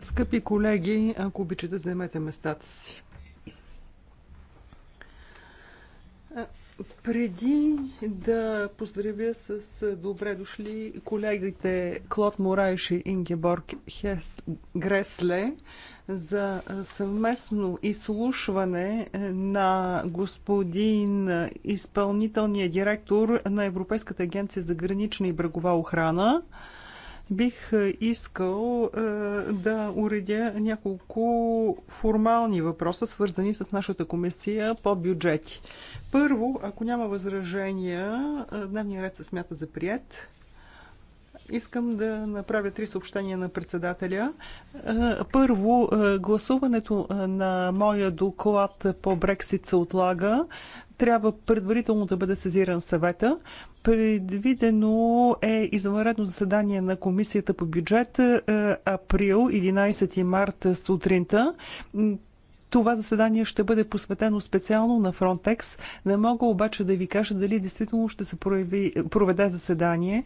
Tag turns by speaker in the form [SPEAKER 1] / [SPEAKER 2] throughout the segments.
[SPEAKER 1] Скъпи колеги, ако обичате, вземете местата си. Преди да поздравя с добре дошли колегите Клод Морайш и Ингеборг Хес Гресле за съвместно изслушване на господин изпълнителния директор на Европейската агенция за гранична и брегова охрана. Бих е, искал е, да уредя няколко формални въпроса, свързани с нашата комисия по бюджети. Първо, ако няма възражения, е, дневния ред се смята за прият. Искам да направя три съобщения на председателя. Първо, гласуването на моя доклад по Брексит се отлага трябва предварително да бъде сезиран съвета. Предвидено е извънредно заседание на комисията по бюджет е, април 11 марта е, сутринта. Това заседание ще бъде посветено специално на Frontex. Не мога обаче да ви кажа дали действително ще се прояви, проведе заседание.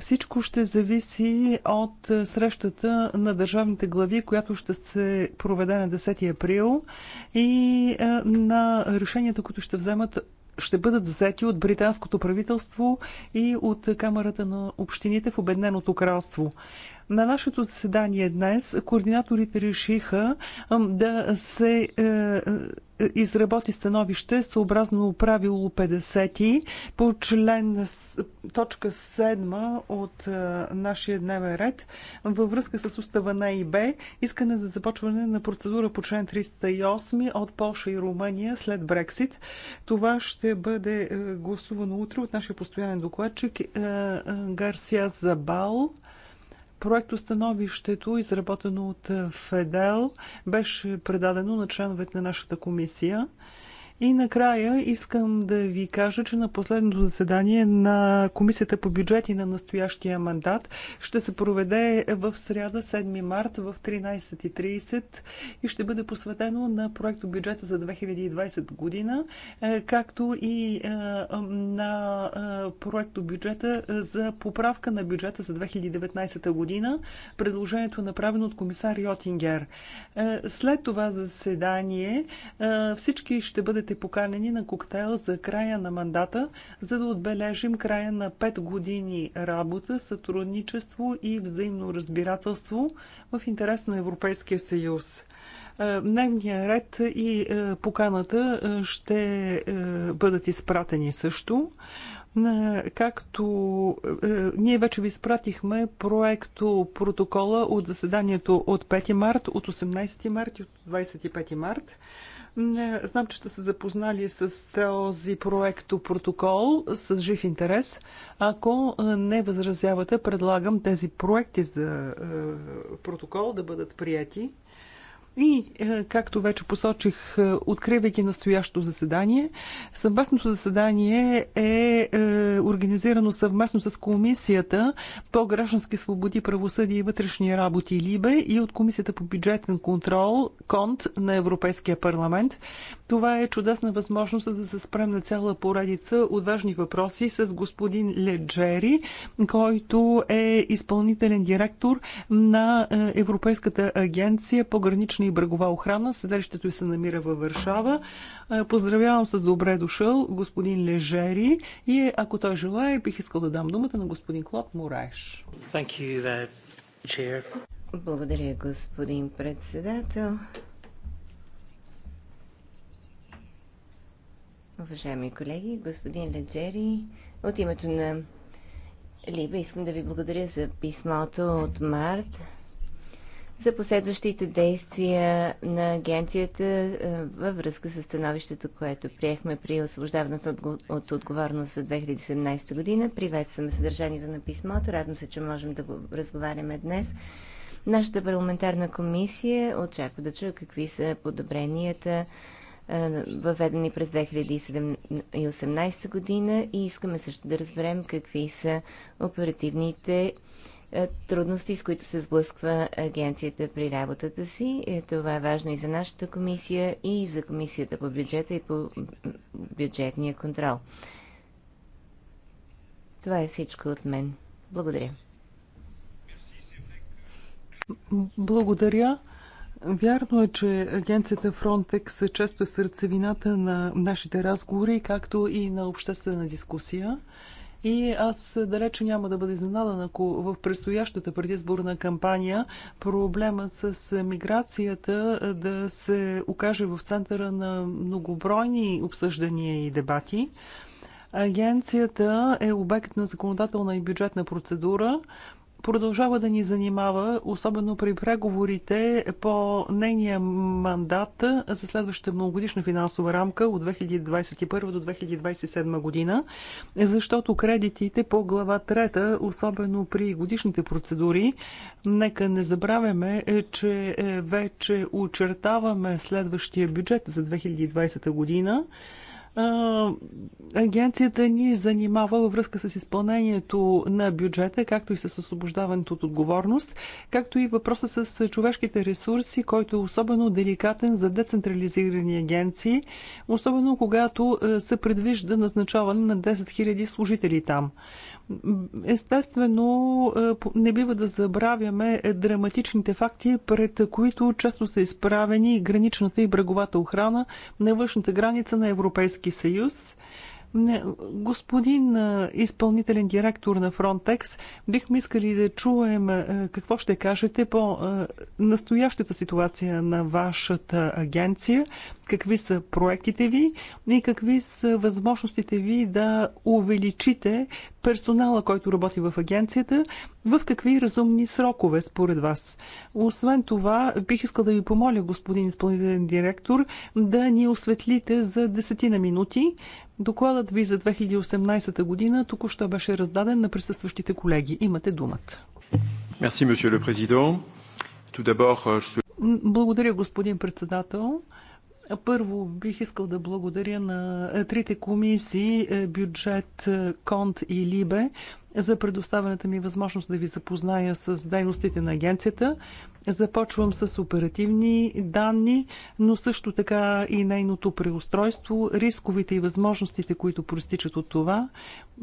[SPEAKER 1] Всичко ще зависи от е, срещата на държавните глави, която ще се проведе на 10 април и е, на решенията, които ще вземат ще бъдат взети от британското правителство и от Камерата на общините в Обедненото кралство. На нашето заседание днес координаторите решиха да се е, изработи становище съобразно правило 50 по член точка 7 от е, нашия дневен ред във връзка с устава на ИБ искане за започване на процедура по член 308 от Польша и Румъния след Брексит. Това ще бъде е, гласувано утре от нашия постоянен докладчик е, Гарсия Забал. Проектостановището, изработено от ФЕДЕЛ, беше предадено на членовете на нашата комисия. И накрая искам да ви кажа, че на последното заседание на Комисията по бюджети на настоящия мандат ще се проведе в сряда 7 март в 13.30 и ще бъде посветено на проекто бюджета за 2020 година, е, както и е, на е, проекто бюджета за поправка на бюджета за 2019 година, предложението направено от комисар Йотингер. След това заседание всички ще бъдете сте поканени на коктейл за края на мандата, за да отбележим края на 5 години работа, сътрудничество и взаимно разбирателство в интерес на Европейския съюз. Е, Дневния ред и е, поканата е, ще бъдат изпратени също както е, ние вече ви спратихме проекто протокола от заседанието от 5 март, от 18 март и от 25 март. Не, Знам, че сте се запознали с този проекто протокол с жив интерес. Ако не възразявате, предлагам тези проекти за протокол да бъдат прияти. И, е, както вече посочих, е, откривайки настоящото заседание, съвместното заседание е, е, организирано съвместно с Комисията по граждански свободи, правосъдие и вътрешни работи Либе и от Комисията по бюджетен контрол КОНТ на Европейския парламент. Това е чудесна възможност да се спрем на цяла поредица от важни въпроси с господин Леджери, който е изпълнителен директор на Европейската агенция по гранична гранична и брегова охрана. Седалището й се намира във Варшава. Поздравявам с добре дошъл господин Лежери и ако той желая, бих искал да дам думата на господин Клод Мораеш. Uh, благодаря, господин председател.
[SPEAKER 2] Уважаеми колеги, господин Леджери, от името на Либа искам да ви благодаря за писмото от март за последващите действия на агенцията във връзка с становището, което приехме при освобождаването от отговорност за 2017 година. Приветстваме съдържанието на писмото. Радвам се, че можем да го разговаряме днес. Нашата парламентарна комисия очаква да чуе какви са подобренията въведени през 2018 година и искаме също да разберем какви са оперативните е, трудности, с които се сблъсква агенцията при работата си. Е, това е важно и за нашата комисия, и за комисията по бюджета и по бюджетния контрол. Това е всичко от мен. Благодаря.
[SPEAKER 1] Благодаря. Вярно е, че агенцията Frontex често е сърцевината на нашите разговори, както и на обществена дискусия. И аз далече няма да бъда изненадан, ако в предстоящата предизборна кампания проблема с миграцията да се окаже в центъра на многобройни обсъждания и дебати. Агенцията е обект на законодателна и бюджетна процедура продължава да ни занимава, особено при преговорите по нейния мандат за следващата многогодишна финансова рамка от 2021 до 2027 година, защото кредитите по глава 3, особено при годишните процедури, нека не забравяме, е, че е, вече очертаваме следващия бюджет за 2020 година. Агенцията ни занимава във връзка с изпълнението на бюджета, както и с освобождаването от отговорност, както и въпроса с човешките ресурси, който е особено деликатен за децентрализирани агенции, особено когато се предвижда назначаване на 10 000 служители там. Естествено, е, не бива да забравяме драматичните факти, пред които често са изправени граничната и бреговата охрана на външната граница на Европейски съюз. Господин е, изпълнителен директор на Frontex, бихме искали да чуем е, какво ще кажете по настоящата ситуация на вашата агенция, какви са проектите ви и какви са възможностите ви да увеличите персонала, който работи в агенцията, в какви разумни срокове според вас. Освен това, бих искал да ви помоля, господин изпълнителен директор, да ни осветлите за десетина минути. Докладът ви за 2018 година току-що беше раздаден на присъстващите колеги. Имате думата.
[SPEAKER 2] Merci, monsieur le Président. Tout d'abord, euh, je...
[SPEAKER 1] Благодаря, господин председател. Първо бих искал да благодаря на е, трите комисии е, бюджет, е, конт и либе за предоставената ми възможност да ви запозная с дейностите на агенцията. Започвам с оперативни данни, но също така и нейното преустройство, рисковите и възможностите, които проистичат от това,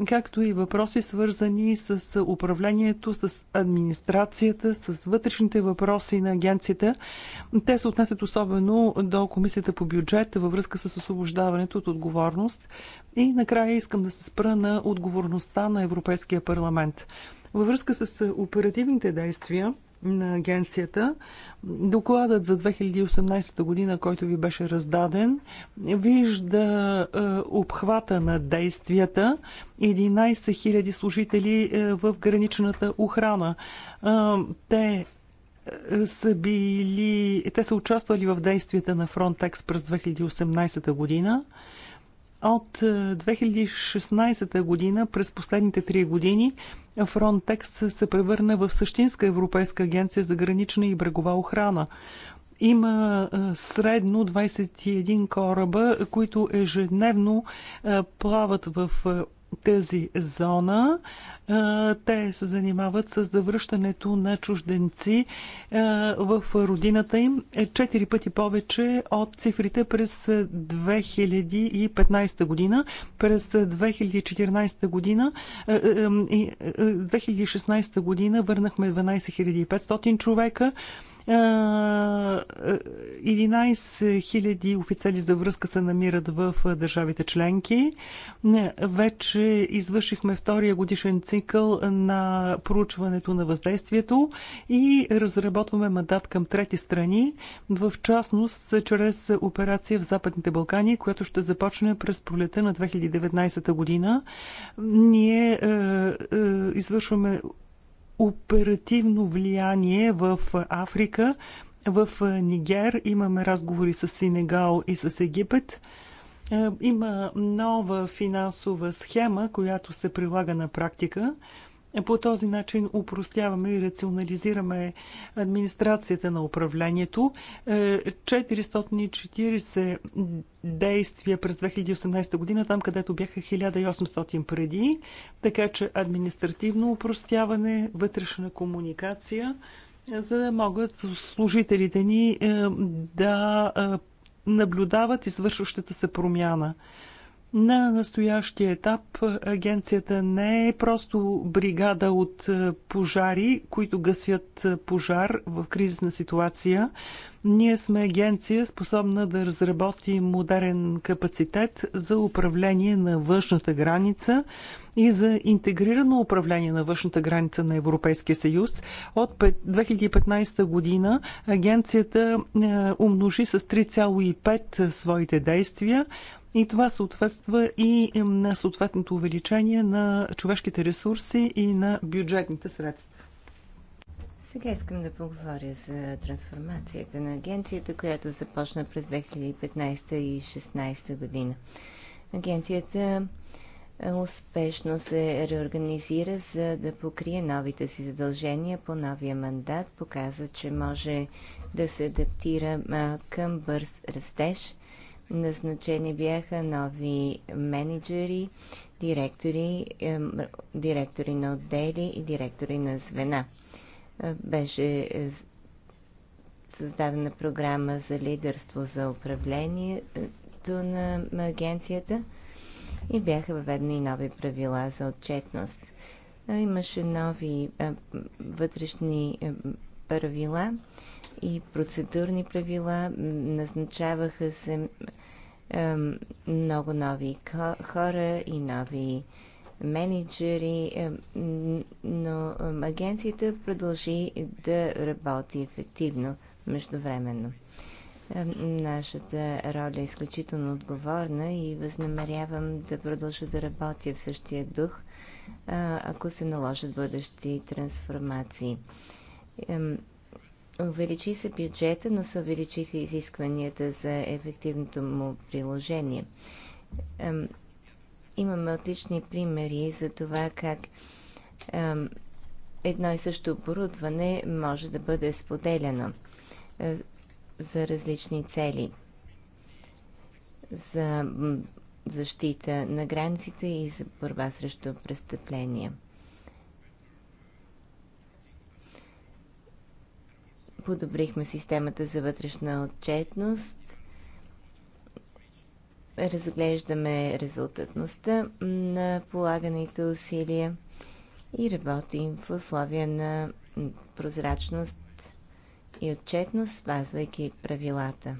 [SPEAKER 1] както и въпроси свързани с управлението, с администрацията, с вътрешните въпроси на агенцията. Те се отнесят особено до Комисията по бюджет във връзка с освобождаването от отговорност. И накрая искам да се спра на отговорността на Европейския парламент. Във връзка с оперативните действия, на агенцията. Докладът за 2018 година, който ви беше раздаден, вижда е, обхвата на действията 11 000 служители е, в граничната охрана. Е, те е, са били, те са участвали в действията на Frontex през 2018 година. От 2016 е, година, през последните три години, Frontex се превърна в същинска европейска агенция за гранична и брегова охрана. Има е, средно 21 кораба, които ежедневно е, плават в тази зона. Те се занимават с завръщането на чужденци в родината им е, четири пъти повече от цифрите през 2015 година. През 2014 година, 2016 година върнахме 12 500 човека. 11 000 офицери за връзка се намират в държавите членки. Вече извършихме втория годишен цикъл на проучването на въздействието и разработваме мандат към трети страни, в частност чрез операция в Западните Балкани, която ще започне през пролета на 2019 година. Ние е, е, извършваме оперативно влияние в Африка. В Нигер имаме разговори с Сенегал и с Египет. Е, има нова финансова схема, която се прилага на практика. Е, по този начин упростяваме и рационализираме администрацията на управлението. 440 е, действия през 2018 година, там където бяха 1800 преди, така че административно упростяване, вътрешна комуникация, е, за да могат служителите ни да наблюдават извършващата се промяна. На настоящия етап агенцията не е просто бригада от е, пожари, които гасят е, пожар в кризисна ситуация. Ние сме агенция, способна да разработи модерен капацитет за управление на външната граница и за интегрирано управление на външната граница на Европейския съюз. От 2015 година агенцията е, умножи с 3,5 своите действия. И това съответства и на съответното увеличение на човешките ресурси и на бюджетните средства.
[SPEAKER 2] Сега искам да поговоря за трансформацията на агенцията, която започна през 2015 и 2016 година. Агенцията е, успешно се реорганизира, за да покрие новите си задължения по новия мандат. Показа, че може да се адаптира е, към бърз растеж – Назначени бяха нови менеджери, директори, директори на отдели и директори на звена. Е, беше създадена програма за лидерство за управлението на агенцията и бяха въведени нови правила за отчетност. Е, имаше нови е, вътрешни правила и процедурни правила, назначаваха се много нови хора и нови менеджери, но агенцията продължи да работи ефективно междувременно. Нашата роля е изключително отговорна и възнамерявам да продължа да работя в същия дух, ако се наложат бъдещи трансформации. Увеличи се бюджета, но се увеличиха изискванията за ефективното му приложение. Имаме отлични примери за това как едно и също оборудване може да бъде споделено за различни цели. За защита на границите и за борба срещу престъпления. подобрихме системата за вътрешна отчетност, разглеждаме резултатността на полаганите усилия и работим в условия на прозрачност и отчетност, спазвайки правилата.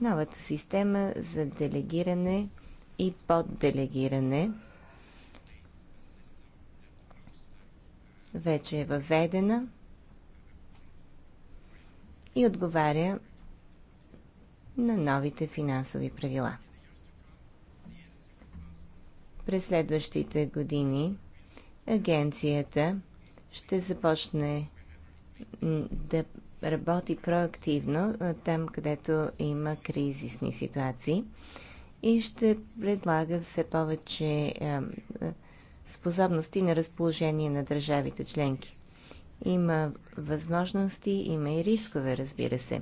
[SPEAKER 2] Новата система за делегиране и подделегиране вече е въведена и отговаря на новите финансови правила. През следващите години агенцията ще започне да работи проактивно там, където има кризисни ситуации и ще предлага все повече способности на разположение на държавите членки. Има възможности, има и рискове, разбира се.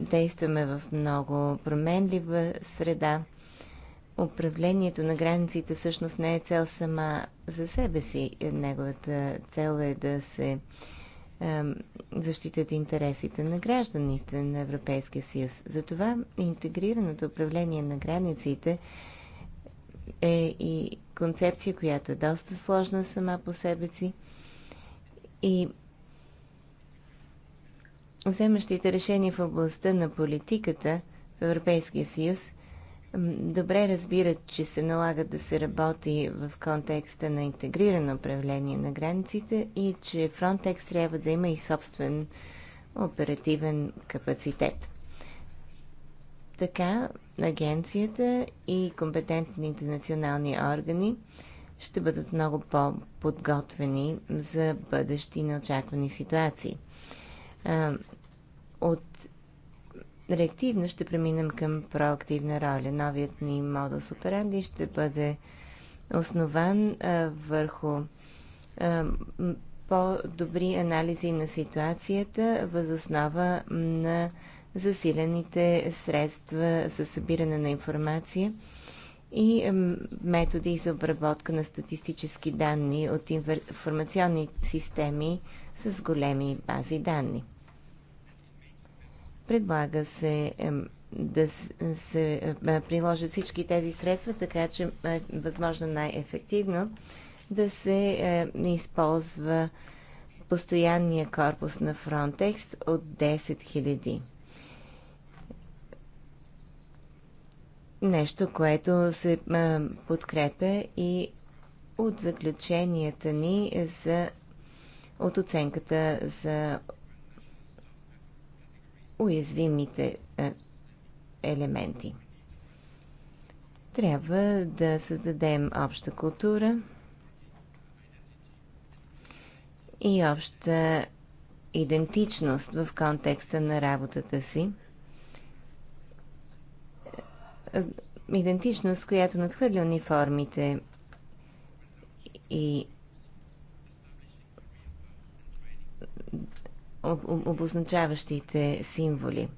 [SPEAKER 2] Действаме в много променлива среда. Управлението на границите всъщност не е цел сама за себе си. Неговата цел е да се защитят интересите на гражданите на Европейския съюз. Затова интегрираното управление на границите е и концепция, която е доста сложна сама по себе си. И вземащите решения в областта на политиката в Европейския съюз добре разбират, че се налага да се работи в контекста на интегрирано управление на границите и че Frontex трябва да има и собствен оперативен капацитет така агенцията и компетентните национални органи ще бъдат много по-подготвени за бъдещи неочаквани ситуации. От реактивна ще преминем към проактивна роля. Новият ни модус операнди ще бъде основан върху по-добри анализи на ситуацията възоснова на засилените средства за събиране на информация и методи за обработка на статистически данни от информационни системи с големи бази данни. Предлага се да се е, приложат всички тези средства, така че е възможно най-ефективно да се е, използва постоянния корпус на Frontex от 10 000 нещо, което се подкрепя и от заключенията ни за от оценката за уязвимите елементи. Трябва да създадем обща култура и обща идентичност в контекста на работата си е, идентичност, която надхвърля униформите и обозначаващите символи.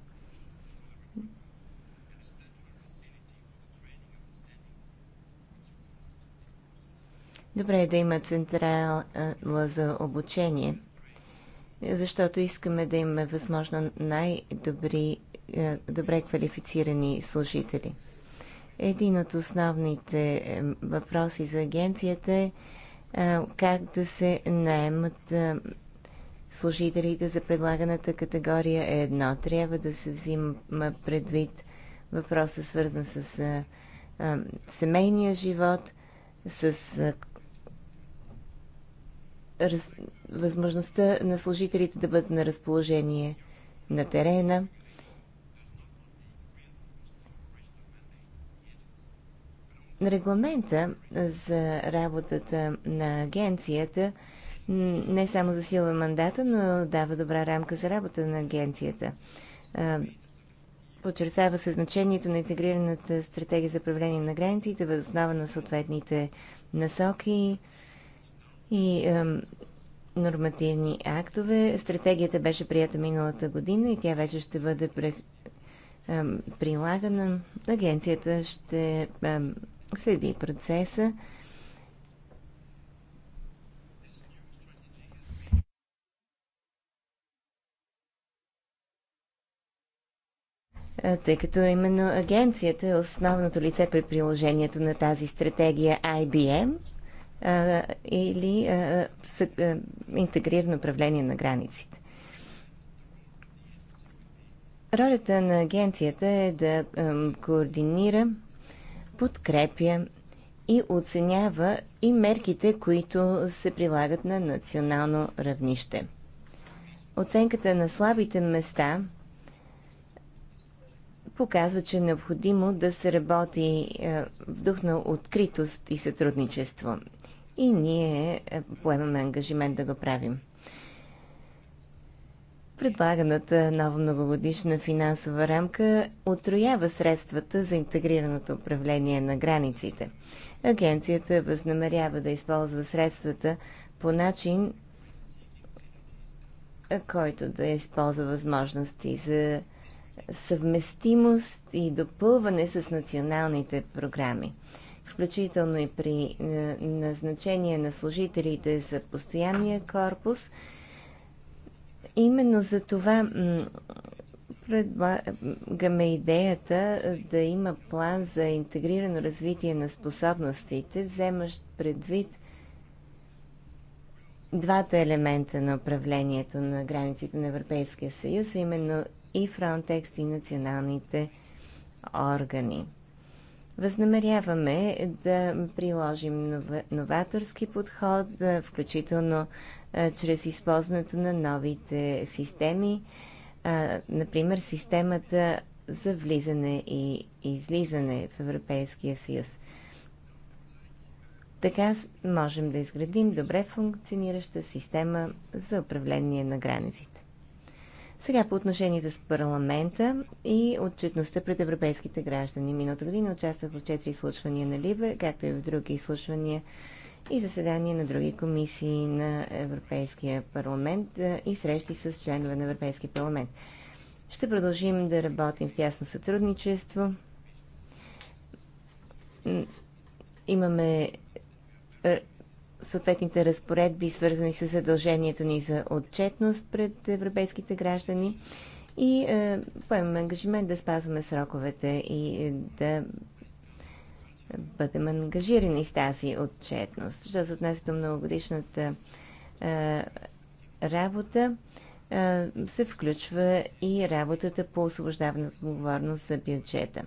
[SPEAKER 2] Добре е да има централа за обучение, защото искаме да имаме възможно най-добри е, добре квалифицирани служители. Един от основните е, въпроси за агенцията е, е как да се наемат служителите за предлаганата категория е едно. Трябва да се взима предвид въпроса, свързан с семейния живот, с възможността на служителите да бъдат на разположение на терена – Регламента за работата на агенцията не само засилва мандата, но дава добра рамка за работа на агенцията. Подчертава се значението на интегрираната стратегия за управление на границите, възоснова на съответните насоки и нормативни актове. Стратегията беше прията миналата година и тя вече ще бъде прилагана. Агенцията ще следи процеса. тъй като именно агенцията е основното лице при приложението на тази стратегия IBM а, или а, с, а, интегрирано управление на границите. Ролята на агенцията е да а, координира подкрепя и оценява и мерките, които се прилагат на национално равнище. Оценката на слабите места показва, че е необходимо да се работи е, в дух на откритост и сътрудничество. И ние е, поемаме ангажимент да го правим. Предлаганата нова многогодишна финансова рамка отроява средствата за интегрираното управление на границите. Агенцията възнамерява да използва средствата по начин, който да използва възможности за съвместимост и допълване с националните програми, включително и при е, назначение на служителите за постоянния корпус – Именно за това предлагаме идеята да има план за интегрирано развитие на способностите, вземащ предвид двата елемента на управлението на границите на Европейския съюз, а именно и фронтекст и националните органи. Възнамеряваме да приложим новаторски подход, включително чрез използването на новите системи, например системата за влизане и излизане в Европейския съюз. Така можем да изградим добре функционираща система за управление на границите. Сега по отношенията с парламента и отчетността пред европейските граждани. Миналата година участвах в четири изслушвания на Либе, както и в други изслушвания и заседания на други комисии на Европейския парламент и срещи с членове на Европейския парламент. Ще продължим да работим в тясно сътрудничество. Имаме съответните разпоредби, свързани с задължението ни за отчетност пред европейските граждани и е, поемаме ангажимент да спазваме сроковете и е, да бъдем ангажирани с тази отчетност. Що се отнася до многогодишната е, работа, е, се включва и работата по освобождаване от отговорност за бюджета.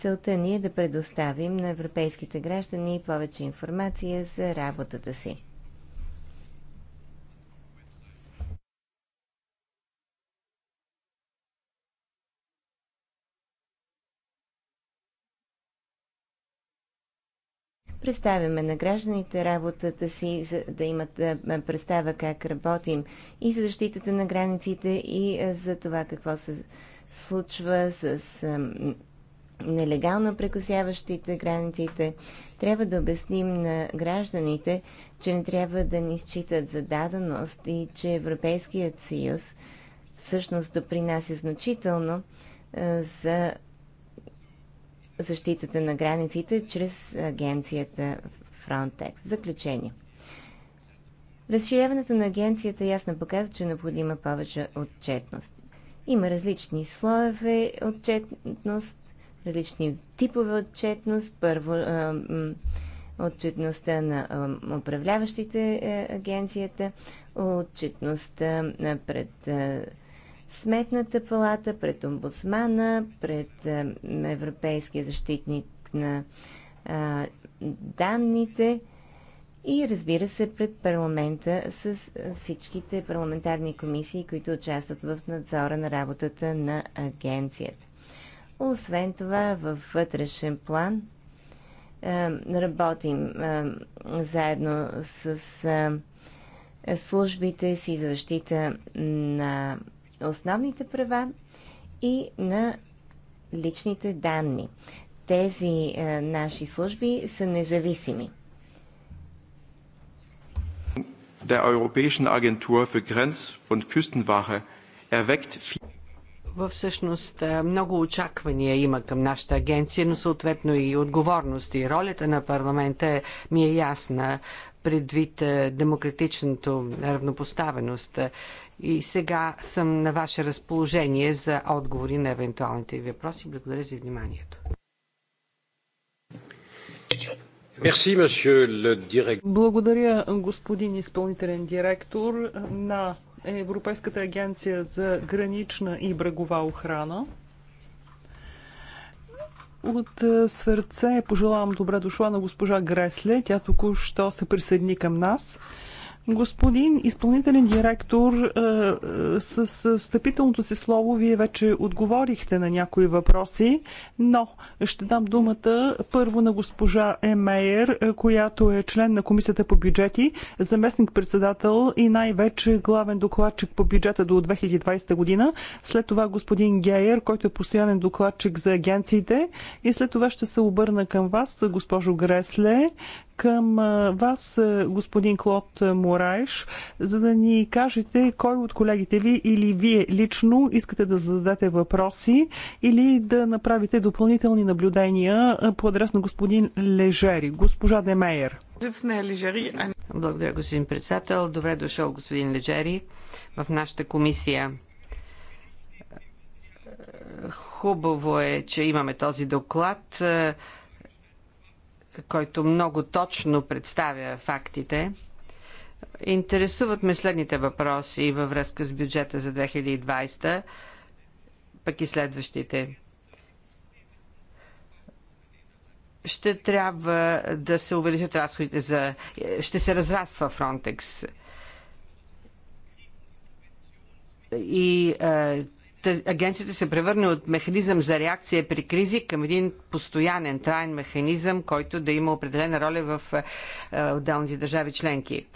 [SPEAKER 2] Целта ни е да предоставим на европейските граждани повече информация за работата си. представяме на гражданите работата си, за да имат представа как работим и за защитата на границите и за това какво се случва с нелегално прекосяващите границите. Трябва да обясним на гражданите, че не трябва да ни считат за даденост и че Европейският съюз всъщност допринася значително за защитата на границите чрез агенцията Frontex. Заключение. Разширяването на агенцията ясно показва, че е необходима повече отчетност. Има различни слоеве отчетност, различни типове отчетност. Първо, отчетността на управляващите е, агенцията, отчетността пред Сметната палата, пред омбудсмана, пред Европейския защитник на данните и разбира се пред парламента с всичките парламентарни комисии, които участват в надзора на работата на агенцията. Освен това, във вътрешен план е, работим е, заедно с е, службите си за защита на основните права и на личните данни. Тези наши служби са независими. Der Europäischen Agentur für Grenz- und Küstenwache erweckt viel.
[SPEAKER 3] Във всъщност е, много очаквания има към нашата агенция, но съответно и отговорности. Ролята на парламента е, ми е ясна предвид е, демократичното равнопоставеност. И сега съм на ваше разположение за отговори на евентуалните ви въпроси. Благодаря за вниманието.
[SPEAKER 1] Благодаря, господин изпълнителен директор на е Европейската агенция за гранична и брегова охрана. От е, сърце пожелавам добре дошла на госпожа Гресле. Тя току-що се присъедини към нас. Господин изпълнителен директор, е, е, с встъпителното си слово вие вече отговорихте на някои въпроси, но ще дам думата първо на госпожа Емейер, е, която е член на Комисията по бюджети, заместник-председател и най-вече главен докладчик по бюджета до 2020 година. След това господин Гейер, който е постоянен докладчик за агенциите. И след това ще се обърна към вас, госпожо Гресле, към вас, господин Клод Мораеш, за да ни кажете кой от колегите ви или вие лично искате да зададете въпроси или да направите допълнителни наблюдения по адрес на господин Лежери, госпожа Демейер.
[SPEAKER 3] Благодаря, господин
[SPEAKER 1] председател.
[SPEAKER 3] Добре дошъл, господин Лежери, в нашата комисия. Хубаво е, че имаме този доклад който много точно представя фактите. Интересуват ме следните въпроси във връзка с бюджета за 2020, пък и следващите. Ще трябва да се увеличат разходите за... Ще се разраства Фронтекс и а, е, агенцията се превърне от механизъм за реакция при кризи към един постоянен, траен механизъм, който да има определена роля в е, отделните държави членки.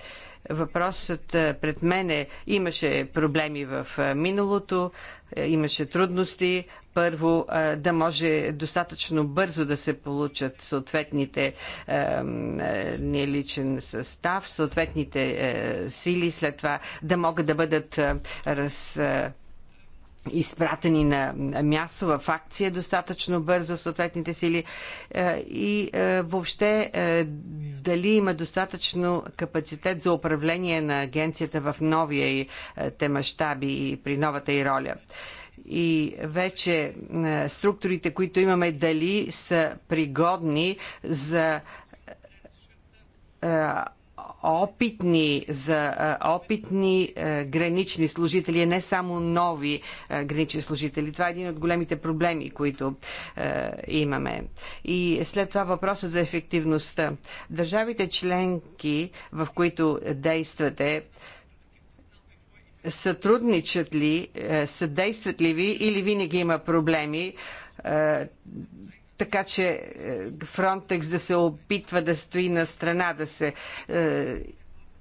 [SPEAKER 3] Въпросът е, пред мен е, имаше проблеми в е, миналото, имаше трудности. Първо, да може достатъчно бързо да се получат съответните не личен състав, съответните сили, след това да могат да бъдат раз, изпратени на място в акция достатъчно бързо в съответните сили е, и е, въобще е, дали има достатъчно капацитет за управление на агенцията в новия и те мащаби и при новата и роля и вече структурите, които имаме, дали са пригодни за опитни, за опитни гранични служители, не само нови гранични служители. Това е един от големите проблеми, които имаме. И след това въпросът за ефективността. Държавите членки, в които действате, сътрудничат ли, съдействат ли ви или винаги има проблеми? така че Фронтекс да се опитва да стои на страна, да се е,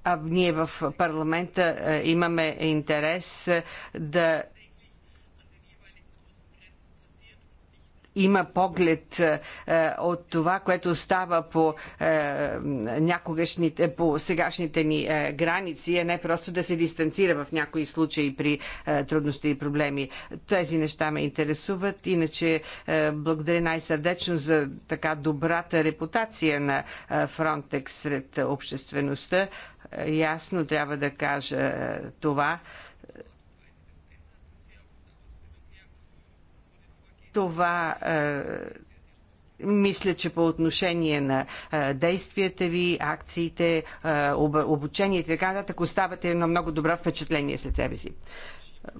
[SPEAKER 3] а ние в парламента е, имаме интерес е, да има поглед е, е, от това, което става по е, някогашните, по сегашните ни граници, а не просто да се дистанцира в някои случаи при трудности и проблеми. Тези неща ме интересуват. Иначе благодаря най-сърдечно за така добрата репутация на Фронтекс сред обществеността. Ясно трябва да кажа това. Това е, мисля, че по отношение на е, действията ви, акциите, е, обучението и така нататък, оставате едно много добро впечатление след себе си.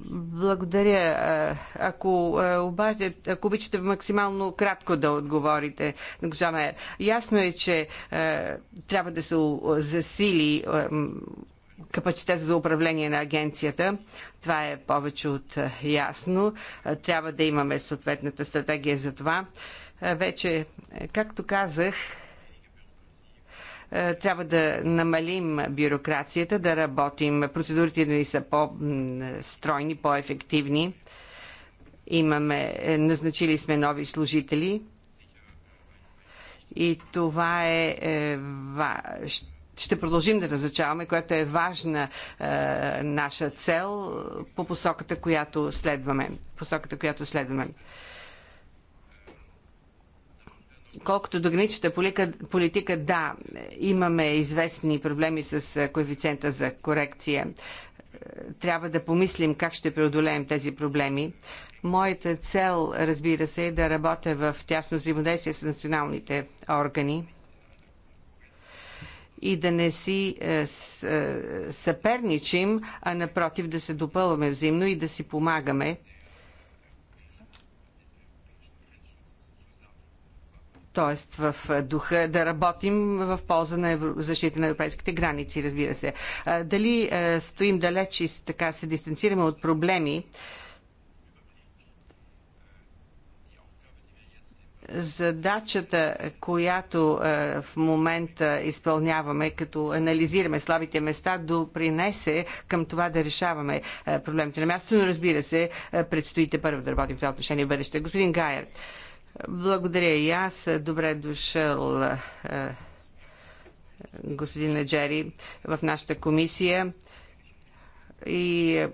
[SPEAKER 3] Благодаря. Ако обаче, ако обичате максимално кратко да отговорите на госпожа Ясно е, че трябва да се засили капацитет за управление на агенцията. Това е повече от е, ясно. Е, трябва да имаме съответната стратегия за това. Е, вече, както казах, трябва да намалим бюрокрацията, да работим, процедурите да ни са по-стройни, по-ефективни. Имаме, назначили сме нови служители и това е, ще продължим да назначаваме, което е важна е, наша цел по посоката, която следваме. Посоката, която следваме. Колкото до граничната политика, да, имаме известни проблеми с е, коефициента за корекция. Е, трябва да помислим как ще преодолеем тези проблеми. Моята цел, разбира се, е да работя в тясно взаимодействие с националните органи и да не си е, е, съперничим, а напротив да се допълваме взаимно и да си помагаме. т.е. в духа да работим в полза на евро... защита на европейските граници, разбира се. Дали е, стоим далеч и така се дистанцираме от проблеми, задачата, която е, в момента изпълняваме, като анализираме слабите места, допринесе към това да решаваме е, проблемите на място, но разбира се, е, предстоите първо да работим в това отношение в бъдеще. Господин Гайер, благодаря и аз. Добре дошъл господин Леджери в нашата комисия и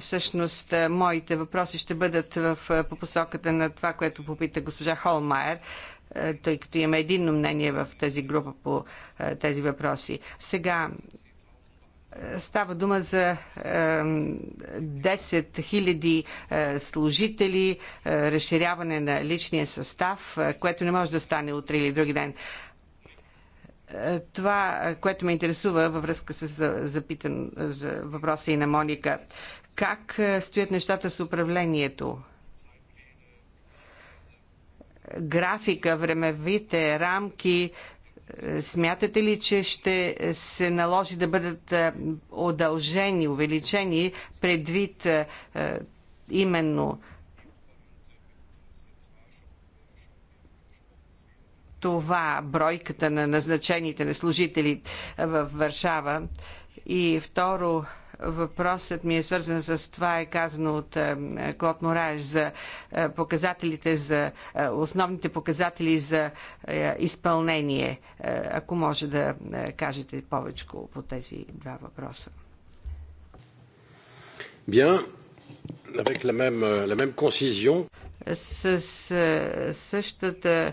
[SPEAKER 3] всъщност е, моите въпроси ще бъдат в, е, по посоката на това, което попита госпожа Холмайер, е, тъй като има единно мнение в тази група по тези въпроси. Сега, Става дума за 10 000 служители, разширяване на личния състав, което не може да стане утре или други ден. това, което ме интересува във връзка с запитан, за въпроса и на Моника, как е, стоят нещата с управлението. Графика, времевите рамки, е, смятате ли, че ще се наложи да бъдат е, удължени, увеличени предвид именно това бройката на назначените на служители в Варшава? И второ, Въпросът ми е свързан с това е казано от е, Клод Мораж за е, показателите за е, основните показатели за изпълнение. Ако може да кажете повече по тези два въпроса.
[SPEAKER 2] Bien, avec la même, la même concision.
[SPEAKER 3] С, същата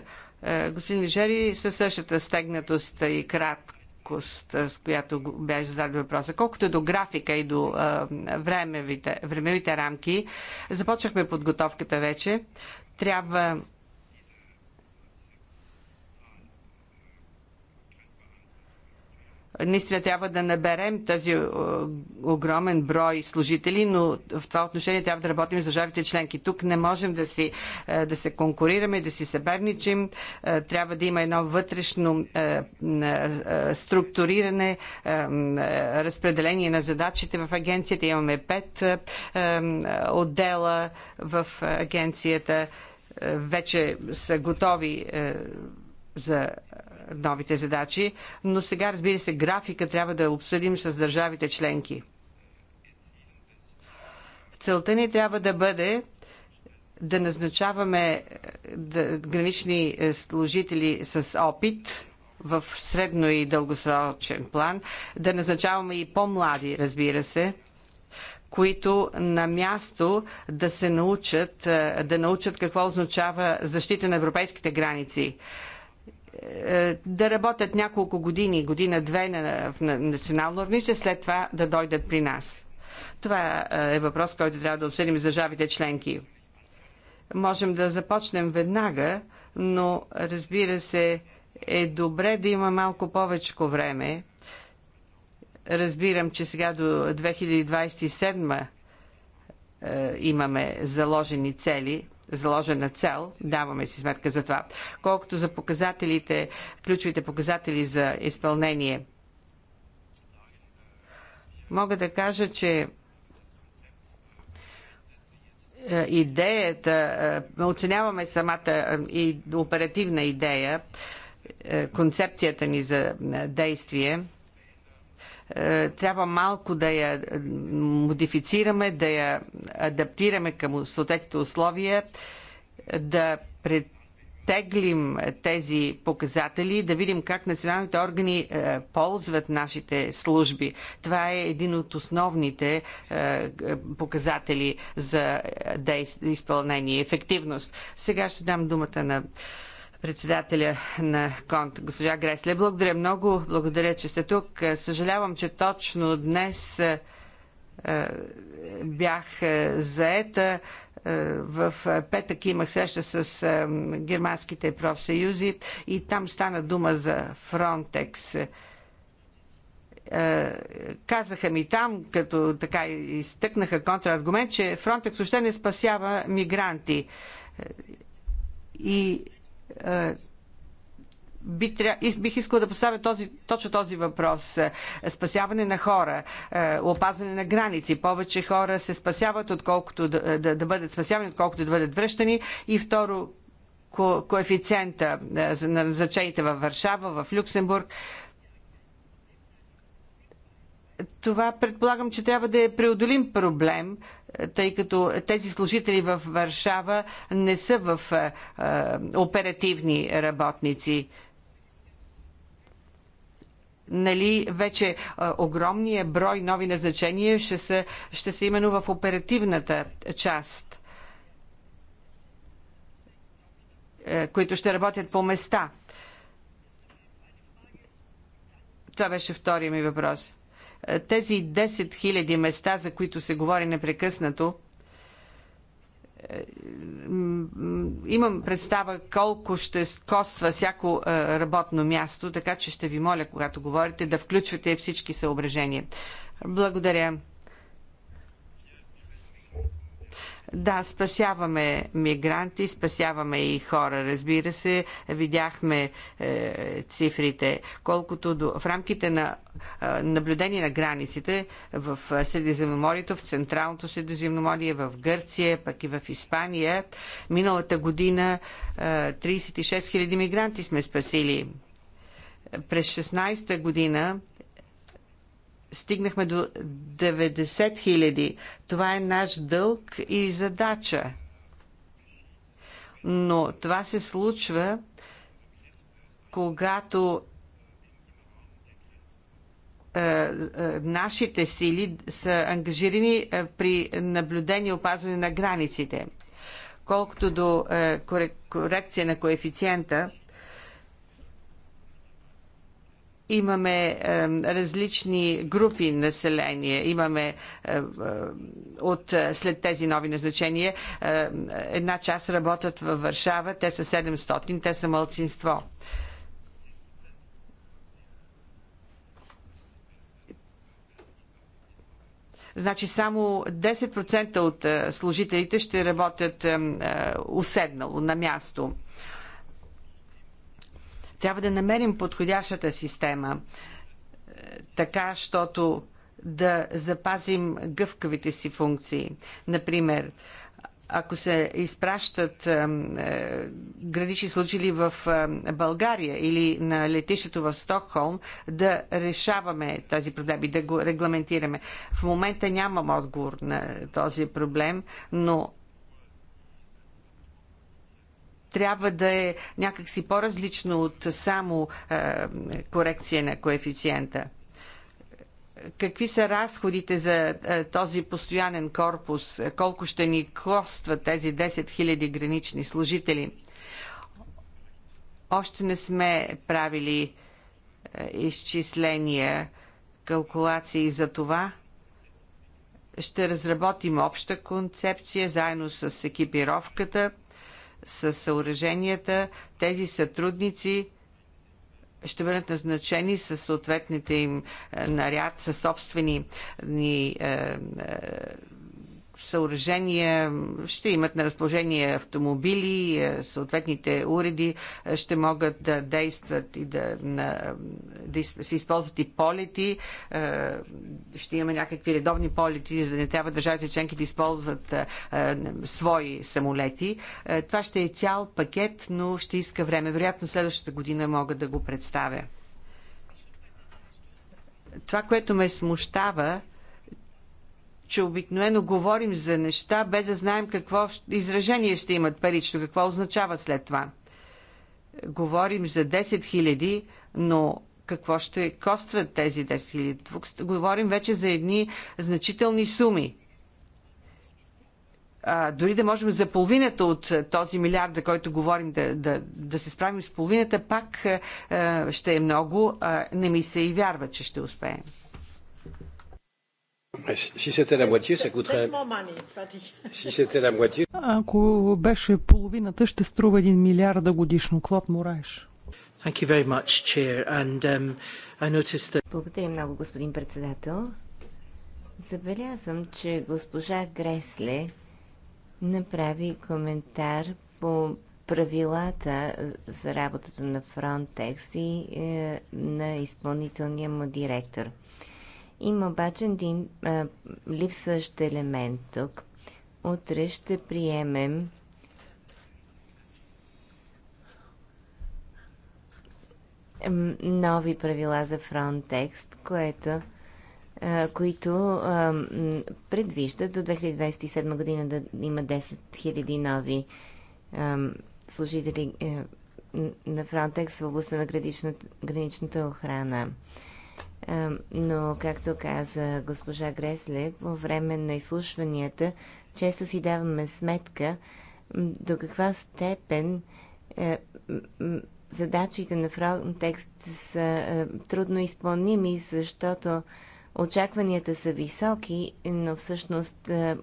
[SPEAKER 3] господин Лежери със същата стегнатост и кратка краткост, с която беше зададен въпроса. Колкото до графика и до времевите, времевите рамки, започнахме подготовката вече. Трябва Наистина трябва да наберем тази е, огромен брой служители, но в това отношение трябва да работим с държавите членки. Тук не можем да, си, е, да се конкурираме, да си съберничим, е, Трябва да има едно вътрешно структуриране, разпределение на задачите в агенцията. Имаме пет отдела в агенцията. Вече са готови за новите задачи, но сега, разбира се, графика трябва да обсъдим с държавите членки. Целта ни трябва да бъде да назначаваме е, гранични е, служители с опит в средно и дългосрочен план, да назначаваме и по-млади, разбира се, които на място да се научат, е, да научат какво означава защита на европейските граници. Е, да работят няколко години, година-две на, на национално равнище, след това да дойдат при нас. Това е, е въпрос, който трябва да обсъдим с държавите членки. Можем да започнем веднага, но разбира се, е добре да има малко повече време. Разбирам, че сега до 2027 е, имаме заложени цели, заложена цел. Даваме си сметка за това. Колкото за показателите, ключовите показатели за изпълнение, мога да кажа, че е, идеята, е, оценяваме самата е, и оперативна идея, концепцията ни за действие – е, трябва малко да я е, модифицираме, да я адаптираме към съответните условия, да претеглим тези показатели, да видим как националните органи е, ползват нашите служби. Това е един от основните показатели за изпълнение и ефективност. Сега ще дам думата на председателя на Конт, госпожа Гресле. Благодаря много, благодаря, че сте тук. Съжалявам, че точно днес е, е, бях е, заета. В петък имах среща с германските профсъюзи и там стана дума за Фронтекс казаха ми там, като така изтъкнаха контраргумент, че Фронтекс въобще не спасява мигранти. И е, би тря... бих искал да поставя този, точно този въпрос. Е, спасяване на хора, е, опазване на граници. Повече хора се спасяват, отколкото да, да, да бъдат спасявани, отколкото да бъдат връщани. И второ, ко- коефициента на назначените във Варшава, в Люксембург това предполагам, че трябва да е преодолим проблем, тъй като тези служители в Варшава не са в е, оперативни работници. Нали, вече е, огромния брой нови назначения ще са, ще са именно в оперативната част, е, които ще работят по места. Това беше втория ми въпрос. Е, тези 10 000 места, за които се говори непрекъснато, е, имам представа колко ще коства всяко е, работно място, така че ще ви моля, когато говорите, да включвате всички съображения. Благодаря. Да, спасяваме мигранти, спасяваме и хора, разбира се. Видяхме е, цифрите. Колкото до, в рамките на е, наблюдение на границите в е, Средиземноморието, в Централното Средиземноморие, в Гърция, пък и в Испания, миналата година е, 36 000 мигранти сме спасили. През 16-та година стигнахме до 90 хиляди. Това е наш дълг и задача. Но това се случва, когато е, е, нашите сили са ангажирани е, при наблюдение и опазване на границите. Колкото до корекция на коефициента, имаме е, различни групи население. Имаме е, от е, след тези нови назначения е, една част работят във Варшава, те са 700, те са мълцинство. Значи само 10% от е, служителите ще работят е, уседнало на място. Трябва да намерим подходящата система, е, така, щото да запазим гъвкавите си функции. Например, ако се изпращат е, е гранични в е, България или на летището в Стокхолм, да решаваме тази проблем и да го регламентираме. В момента нямам отговор на този проблем, но трябва да е някакси по-различно от само е, корекция на коефициента какви са разходите за е, този постоянен корпус, колко ще ни коства тези 10 000 гранични служители. Още не сме правили е, изчисления, калкулации за това. Ще разработим обща концепция заедно с екипировката с съоръженията, тези сътрудници ще бъдат назначени със съответните им е, наряд, със собствени ни, е, е, съоръжения, ще имат на разположение автомобили, е, съответните уреди е, ще могат да действат и да, на, да се използват и полети. Е, ще имаме някакви редовни полети, за да не трябва държавите членки да използват свои самолети. Това ще е цял пакет, но ще иска време. Вероятно следващата година мога да го представя. Това, което ме смущава, че обикновено говорим за неща, без да знаем какво изражение ще имат парично, какво означава след това. Говорим за 10 000, но какво ще костват тези 10 000? говорим вече за едни значителни суми. А, дори да можем за половината от този милиард, за който говорим, да, да, да се справим с половината, пак а, ще е много. А, не ми се и вярва, че ще успеем.
[SPEAKER 2] Si c'était la moitié, ça coûterait... Si c'était la moitié...
[SPEAKER 1] Ако беше половината, ще струва 1 милиард годишно. Клод Мораеш.
[SPEAKER 2] Thank you very much, Chair. And um, I noticed that... Благодаря много, господин председател. Забелязвам, че госпожа Гресле направи коментар по правилата за работата на Frontex и е, на изпълнителния му директор – има обаче един а, липсващ елемент тук. Утре ще приемем нови правила за Frontex, което, а, които а, предвиждат до 2027 година да има 10 000 нови а, служители е, на Frontex в областта на граничната, граничната охрана но, както каза госпожа Гресле, по време на изслушванията често си даваме сметка до каква степен е, задачите на Frontex са е, трудно изпълними, защото очакванията са високи, но всъщност е,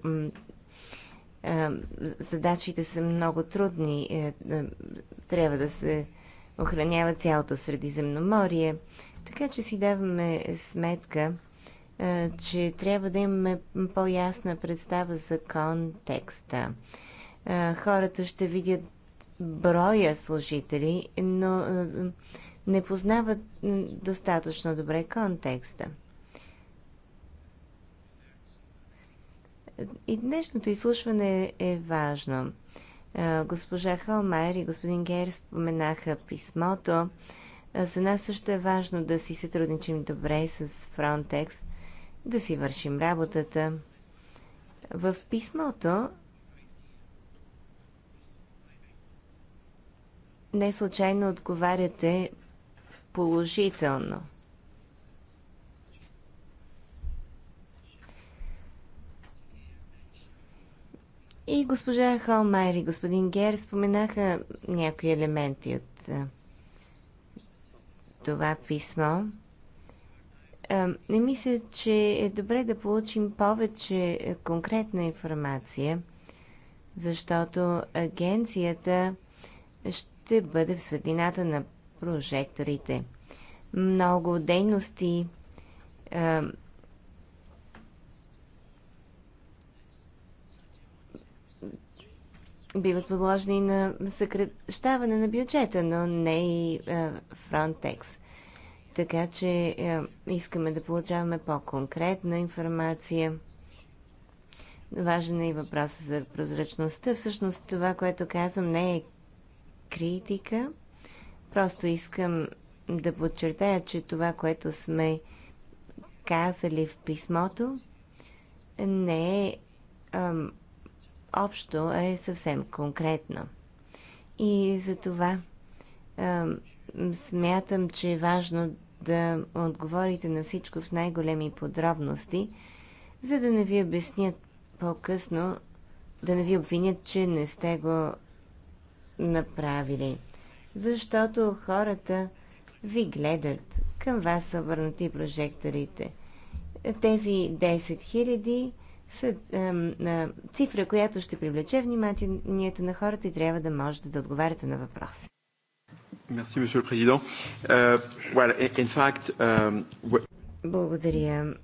[SPEAKER 2] задачите са много трудни. Трябва да се охранява цялото Средиземноморие така че си даваме сметка, че трябва да имаме по-ясна представа за контекста. Хората ще видят броя служители, но не познават достатъчно добре контекста. И днешното изслушване е важно. Госпожа Холмайер и господин Гейр споменаха писмото, за нас също е важно да си сътрудничим добре с Frontex, да си вършим работата. В писмото не случайно отговаряте положително. И госпожа Холмайер и господин Гер споменаха някои елементи от това писмо. Не мисля, че е добре да получим повече е, конкретна информация, защото агенцията ще бъде в светлината на прожекторите. Много дейности биват подложени на съкрещаване на бюджета, но не и е, Frontex. Така че е, искаме да получаваме по-конкретна информация. Важен е и въпросът за прозрачността. Всъщност това, което казвам, не е критика. Просто искам да подчертая, че това, което сме казали в писмото, не е ам, общо, а е съвсем конкретно. И за това а, смятам, че е важно да отговорите на всичко в най-големи подробности, за да не ви обяснят по-късно, да не ви обвинят, че не сте го направили. Защото хората ви гледат. Към вас са прожекторите. Тези 10 000 цифра, която ще привлече вниманието на хората и трябва да можете да отговаряте на въпроси. Euh, euh, Благодаря.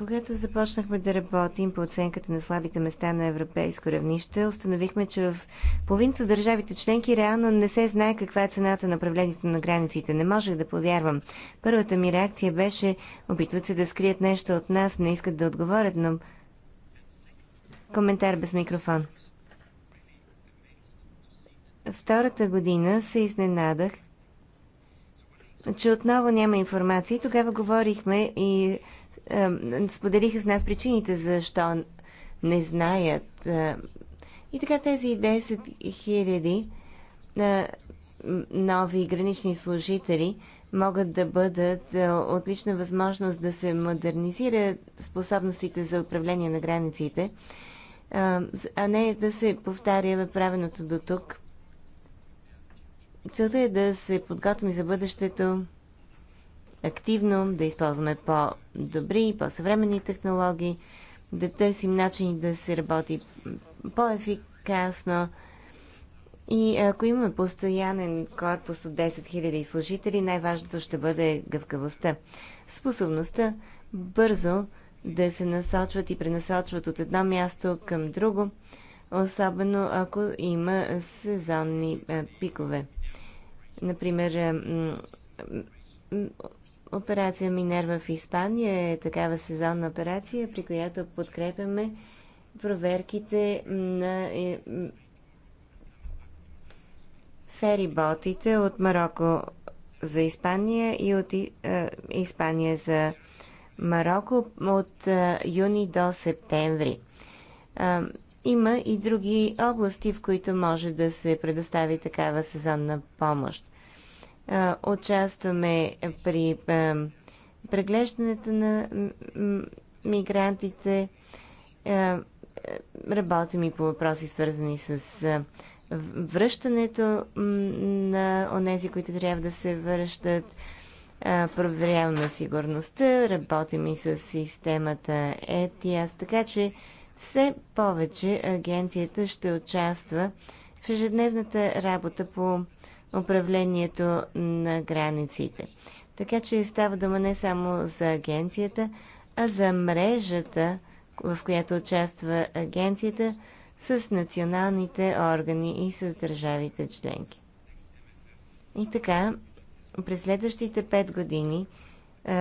[SPEAKER 2] Когато започнахме да работим по оценката на слабите места на европейско равнище, установихме, че в половината държавите членки реално не се знае каква е цената на управлението на границите. Не можех да повярвам. Първата ми реакция беше, опитват се да скрият нещо от нас, не искат да отговорят, но... Коментар без микрофон. Втората година се изненадах, че отново няма информация и тогава говорихме и споделиха с нас причините, защо не знаят. И така тези 10 хиляди е, нови гранични служители могат да бъдат е, отлична възможност да се модернизират способностите за управление на границите, а не да се повтаря правеното до тук. Целта е да се подготвим за бъдещето активно, да използваме по-добри и по-съвременни технологии, да търсим начини да се работи по-ефикасно. И ако имаме постоянен корпус от 10 000 служители, най-важното ще бъде гъвкавостта. Способността бързо да се насочват и пренасочват от едно място към друго, особено ако има сезонни пикове. Например, Операция Минерва в Испания е такава сезонна операция, при която подкрепяме проверките на е, фериботите от Марокко за Испания и от е, Испания за Марокко от е, юни до септември. Има и други области, в които може да се предостави такава сезонна помощ участваме при преглеждането на мигрантите. Работим и по въпроси, свързани с връщането на онези, които трябва да се връщат. Проверяваме сигурността, работим и с системата ETIAS, така че все повече агенцията ще участва в ежедневната работа по управлението на границите. Така че става дума не само за агенцията, а за мрежата, в която участва агенцията с националните органи и с държавите членки. И така, през следващите пет години,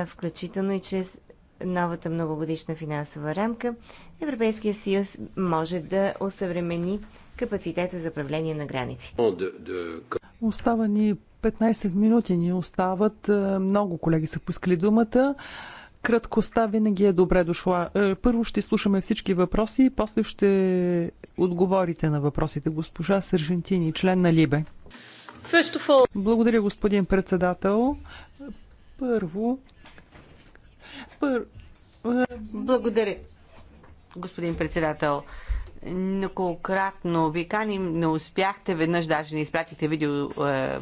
[SPEAKER 2] включително и чрез новата многогодишна финансова рамка, Европейския съюз може да осъвремени капацитета за правление на границите.
[SPEAKER 1] Остава ни 15 минути, ни остават. Е, много колеги са поискали думата. Краткостта винаги е добре дошла. Е, първо ще слушаме всички въпроси после ще отговорите на въпросите. Госпожа Сержентини, член на Либе. Благодаря, господин председател. Първо. Пър... Е, Благодаря, господин
[SPEAKER 3] председател. Неколкратно ви каним, не успяхте, веднъж даже не изпратихте видео е,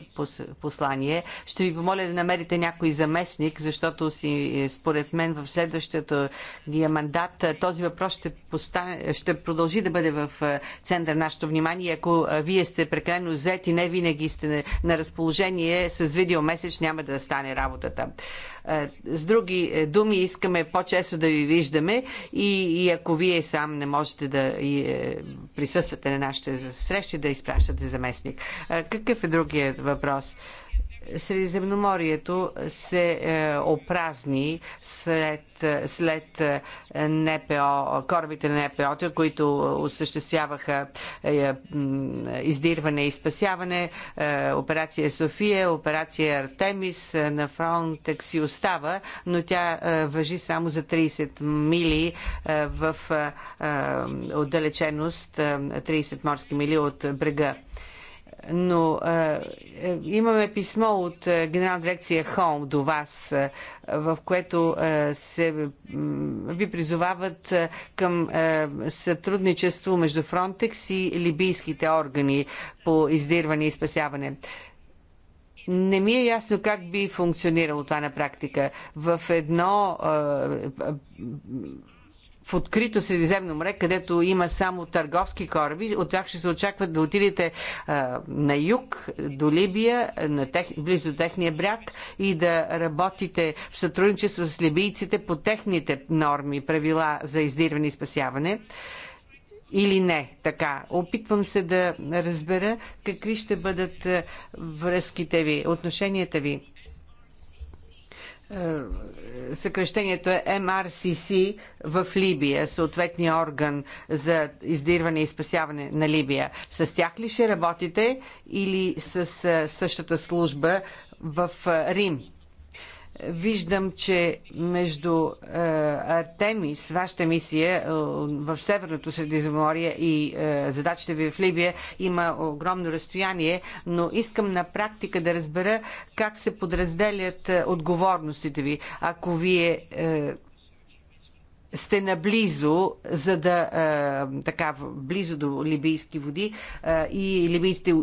[SPEAKER 3] послание. Ще ви помоля да намерите някой заместник, защото си, е, според мен в следващата дия е мандат е, този въпрос ще, постане, ще продължи да бъде в център нашето внимание. Ако вие сте прекалено взети, не винаги сте на разположение с видео месеч, няма да стане работата. С други думи, искаме по-често да ви виждаме и, и ако вие сам не можете да и е, присъствате на нашите срещи, да изпращате заместник. Какъв е другият въпрос? Средиземноморието се е, опразни след, след е, НПО, корабите на НПО, които осъществяваха е, е издирване и спасяване. Е, операция София, операция Артемис е, на Фронтекс си остава, но тя е, въжи само за 30 мили е, в е, отдалеченост, е, 30 морски мили от брега но е, е, имаме писмо от е, генерална дирекция Холм до вас, е, в което е, се, е, ви призовават е, към е, сътрудничество между Фронтекс и либийските органи по издирване и спасяване. Не ми е ясно как би функционирало това на практика. В едно е, в открито Средиземно море, където има само търговски кораби. От тях ще се очакват да отидете а, на юг, до Либия, на тех, близо до техния бряг и да работите в сътрудничество с либийците по техните норми, правила за издирване и спасяване или не. Така, опитвам се да разбера какви ще бъдат връзките ви, отношенията ви е, съкрещението е МРСС в Либия, съответния орган за издирване и спасяване на Либия. С тях ли ще работите или с е, същата служба в е, Рим? виждам, че между е, Артемис, вашата мисия е, в Северното Средиземноморие и е, задачите ви в Либия има огромно разстояние, но искам на практика да разбера как се подразделят е, отговорностите ви, ако вие е, сте наблизо, за да е, така, близо до либийски води е, и либийците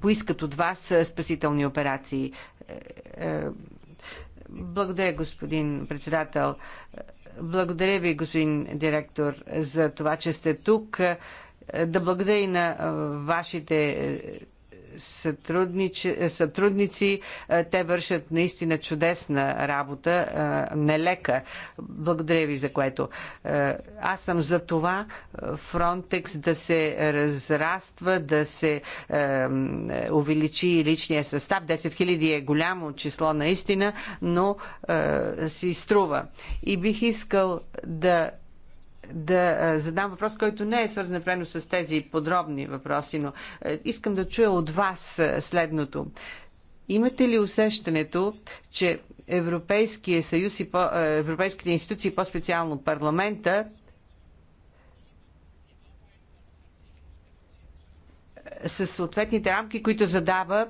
[SPEAKER 3] поискат от вас е, спасителни операции. Е, е, благодаря, господин председател. Благодаря ви, господин директор, за това, че сте тук. Да благодаря и на вашите е, сътрудници. Е, те вършат наистина чудесна работа, е, нелека. Благодаря ви за което. Аз съм за това Фронтекс да се разраства, да се увеличи личния състав. 10 000 е голямо число наистина, но си струва. И бих искал да да задам въпрос, който не е свързан прено с тези подробни въпроси, но искам да чуя от вас следното. Имате ли усещането, че Европейския съюз и по, европейските институции, по-специално парламента, с съответните рамки, които задава,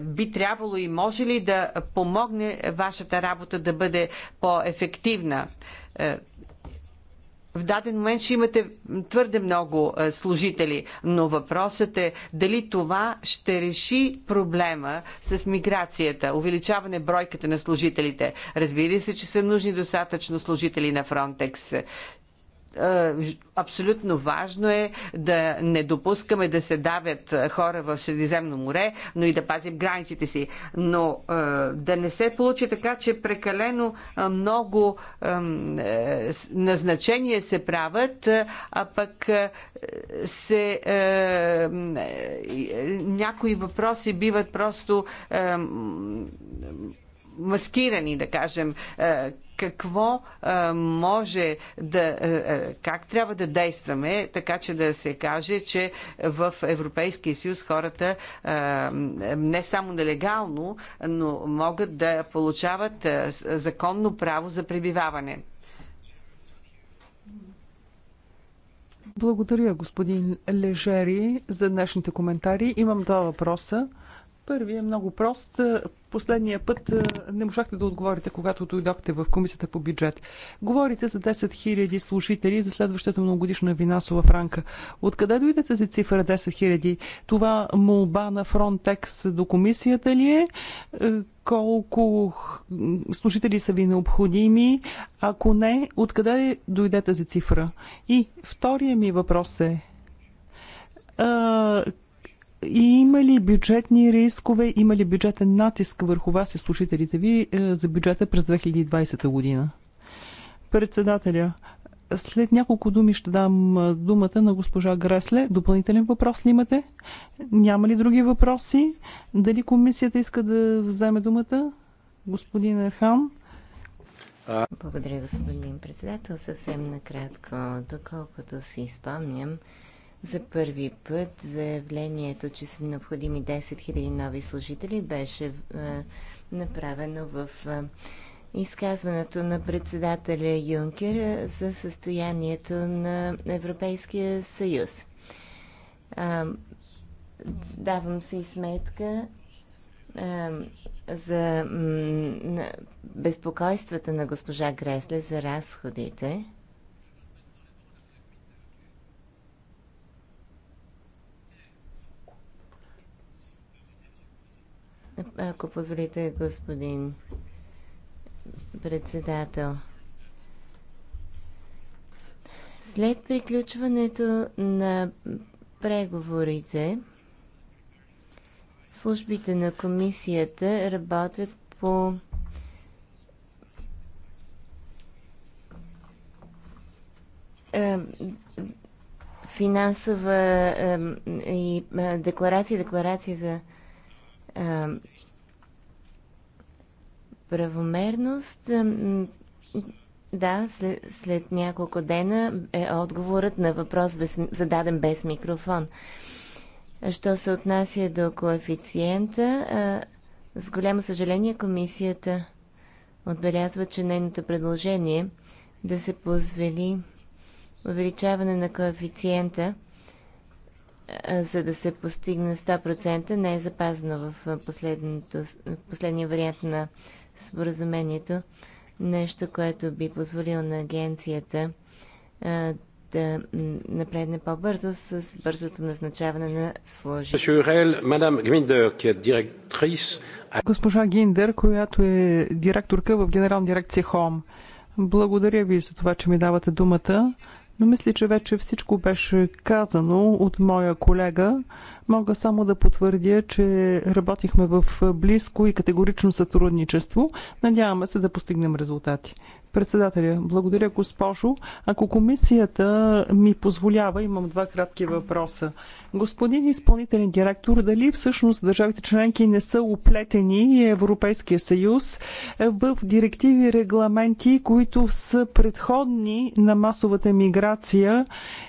[SPEAKER 3] би трябвало и може ли да помогне вашата работа да бъде по-ефективна? в даден момент ще имате твърде много е, служители, но въпросът е дали това ще реши проблема с миграцията, увеличаване бройката на служителите. Разбира се, че са нужни достатъчно служители на Фронтекс абсолютно важно е да не допускаме да се давят хора в Средиземно море, но и да пазим границите си. Но да не се получи така, че прекалено много е, назначения се правят, а пък се е, е, някои въпроси биват просто маскирани, да кажем, е, какво е, може да. Е, как трябва да действаме, така че да се каже, че в Европейския съюз хората не само нелегално, но могат да получават законно право за пребиваване.
[SPEAKER 1] Благодаря, господин Лежери, за днешните коментари. Имам два въпроса. Първият е много прост. Последния път е, не можахте да отговорите, когато дойдохте в комисията по бюджет. Говорите за 10 000 служители за следващата многогодишна винасова франка. Откъде дойде тази цифра 10 000? Това молба на Frontex до комисията ли е? е? Колко служители са ви необходими? Ако не, откъде дойде тази цифра? И втория ми въпрос е, е има ли бюджетни рискове, има ли бюджетен натиск върху вас и слушателите ви е, за бюджета през 2020 година? Председателя, след няколко думи ще дам е, думата на госпожа Гресле. Допълнителен въпрос ли имате? Няма ли други въпроси? Дали комисията иска да вземе думата? Господин Ерхан?
[SPEAKER 2] Благодаря, господин председател. Съвсем накратко, доколкото си спомням, за първи път заявлението, че са необходими 10 000 нови служители, беше направено в изказването на председателя Юнкер за състоянието на Европейския съюз. Давам се и сметка за безпокойствата на госпожа Гресле за разходите. Ако позволите, господин председател. След приключването на преговорите, службите на комисията работят по е, финансова е, и е, декларация, декларация за правомерност. Да, след, след няколко дена е отговорът на въпрос без, зададен без микрофон. Що се отнася до коефициента, а, с голямо съжаление комисията отбелязва, че нейното предложение да се позволи увеличаване на коефициента – за да се постигне 100%, не е запазено в последния вариант на споразумението. Нещо, което би позволило на агенцията да напредне по-бързо с бързото назначаване на
[SPEAKER 3] служители.
[SPEAKER 1] Госпожа Гиндер, която е директорка в Генерална дирекция ХОМ. Благодаря ви за това, че ми давате думата но мисля, че вече всичко беше казано от моя колега. Мога само да потвърдя, че работихме в близко и категорично сътрудничество. Надяваме се да постигнем резултати. Председателя, благодаря госпожо. Ако комисията ми позволява, имам два кратки въпроса. Господин изпълнителен директор, дали всъщност държавите членки не са оплетени и Европейския съюз в директиви и регламенти, които са предходни на масовата миграция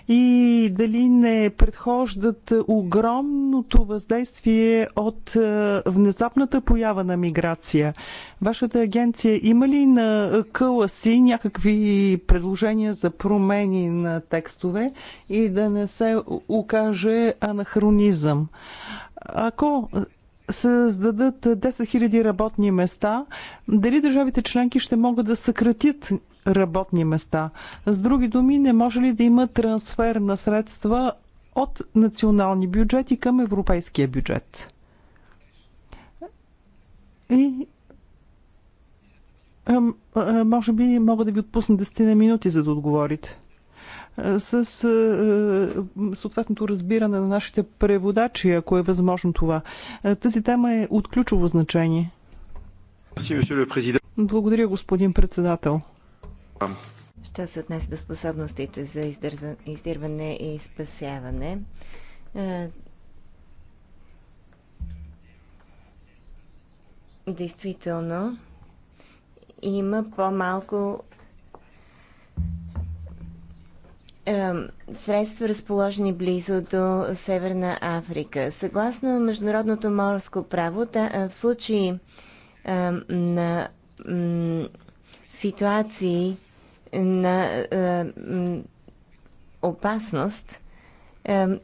[SPEAKER 1] и дали не предхождат огромното въздействие от е, внезапната поява на миграция? Вашата агенция има ли на къла си някакви предложения за промени на текстове и да не се окаже анахронизъм. Ако създадат 10 000 работни места, дали държавите членки ще могат да съкратят работни места? С други думи, не може ли да има трансфер на средства от национални бюджети към европейския бюджет? И може би мога да ви отпусна 10 на минути, за да отговорите. С съответното разбиране на нашите преводачи, ако е възможно това. Тази тема е от ключово значение. Благодаря, господин председател.
[SPEAKER 2] Ще се отнесе до способностите за издирване и спасяване? Действително, има по-малко средства, разположени близо до Северна Африка. Съгласно международното морско право, да, е, в случаи а, на ситуации на е, опасност,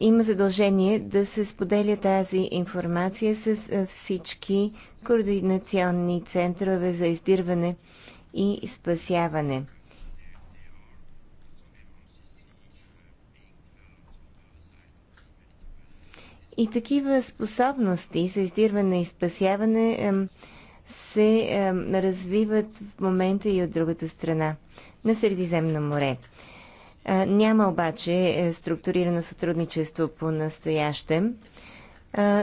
[SPEAKER 2] има задължение да се споделя тази информация с е, всички координационни центрове за издирване и спасяване. И такива способности за издирване и спасяване се развиват в момента и от другата страна на Средиземно море. Няма обаче е, структурирано сътрудничество по настоящем,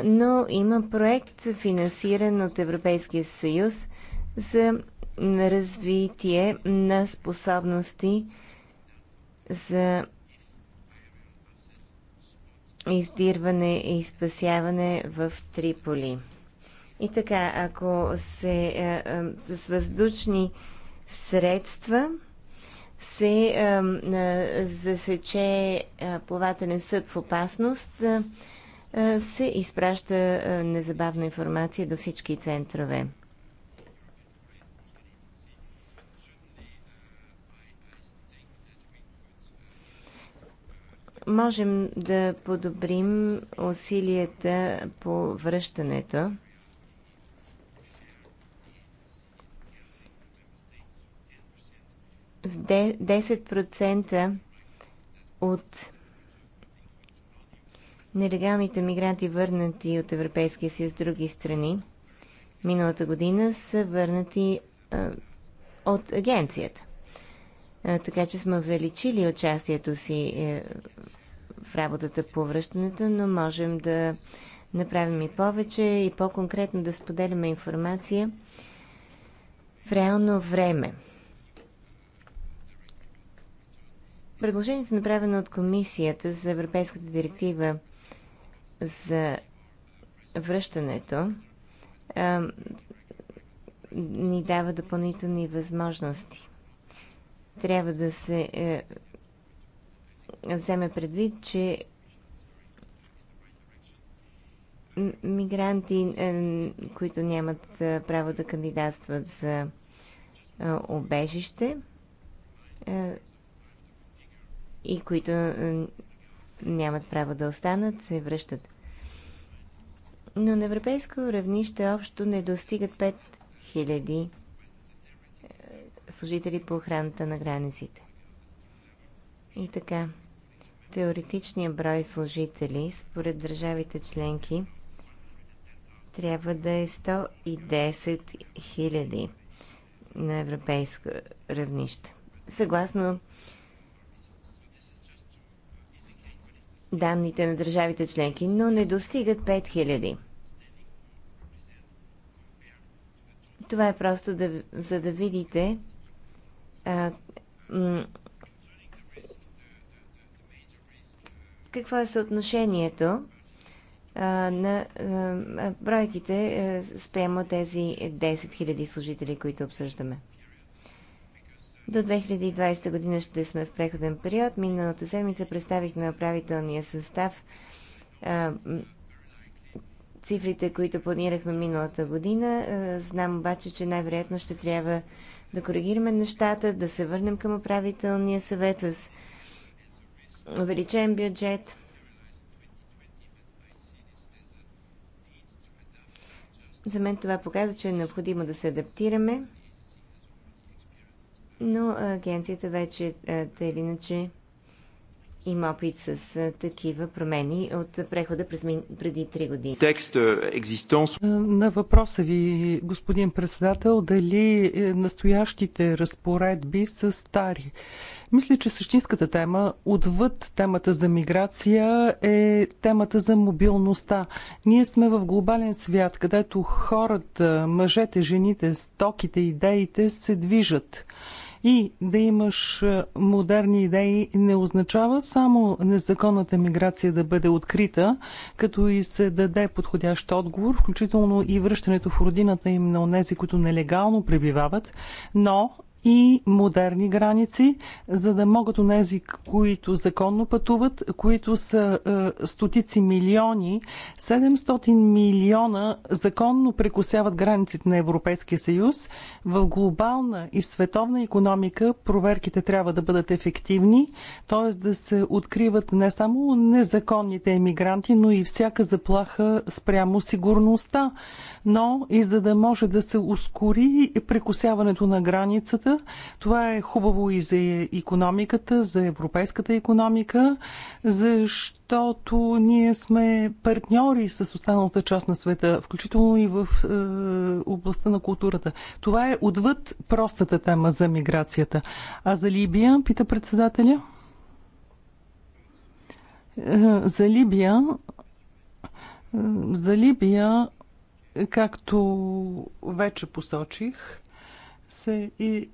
[SPEAKER 2] но има проект, финансиран от Европейския съюз за развитие на способности за издирване и спасяване в Триполи. И така, ако се е, е, с въздушни средства се засече плавателен съд в опасност, се изпраща незабавна информация до всички центрове. Можем да подобрим усилията по връщането. 10% от нелегалните мигранти, върнати от Европейския съюз в други страни, миналата година са върнати от агенцията. така че сме увеличили участието си е, в работата по връщането, но можем да направим и повече и по-конкретно да споделяме информация в реално време. Предложението, направено от Комисията за Европейската директива за връщането, а, ни дава допълнителни възможности. Трябва да се е, вземе предвид, че мигранти, е, които нямат е, право да кандидатстват за е, обежище, е, и които е, нямат право да останат, се връщат. Но на европейско равнище общо не достигат 5000 е, служители по охраната на границите. И така, теоретичният брой служители според държавите членки трябва да е 110 000 на европейско равнище. Съгласно данните на държавите членки, но не достигат 5000. Това е просто да, за да видите а, какво е съотношението а, на а, бройките а, спрямо тези 10 000 служители, които обсъждаме. До 2020 година ще сме в преходен период. Миналата седмица представих на управителния състав а, цифрите, които планирахме миналата година. А, знам обаче, че най-вероятно ще трябва да коригираме нещата, да се върнем към управителния съвет с увеличен бюджет. За мен това показва, че е необходимо да се адаптираме но агенцията вече, те или иначе, има опит с такива промени от прехода през ми, преди три години.
[SPEAKER 1] Текст екзистенс. На въпроса ви, господин председател, дали е, настоящите разпоредби са стари? Мисля, че същинската тема, отвъд темата за миграция, е темата за мобилността. Ние сме в глобален свят, където хората, мъжете, жените, стоките, идеите се движат. И да имаш е, модерни идеи не означава само незаконната миграция да бъде открита, като и се даде подходящ отговор, включително и връщането в родината им на онези, които нелегално пребивават, но и модерни граници, за да могат онези, които законно пътуват, които са е, стотици милиони, 700 милиона законно прекусяват границите на Европейския съюз. В глобална и световна економика проверките трябва да бъдат ефективни, т.е. да се откриват не само незаконните емигранти, но и всяка заплаха спрямо сигурността. Но и за да може да се ускори прекусяването на границата, това е хубаво и за економиката, за европейската економика, защото ние сме партньори с останалата част на света, включително и в е, областта на културата. Това е отвъд простата тема за миграцията. А за Либия, пита председателя? Е, за Либия, е, за Либия, както вече посочих, се и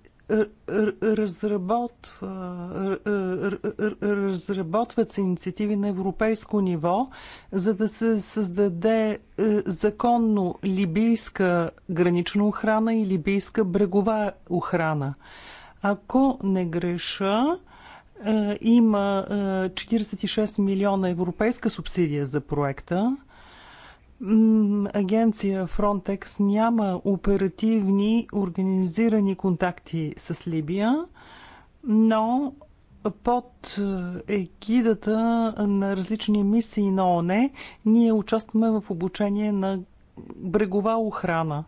[SPEAKER 1] разработва, разработват се инициативи на европейско ниво, за да се създаде е, законно либийска гранична охрана и либийска брегова охрана. Ако не греша, е, има е, 46 милиона европейска субсидия за проекта агенция Frontex няма оперативни организирани контакти с Либия, но под е, егидата на различни мисии на ОНЕ ние участваме в обучение на брегова охрана.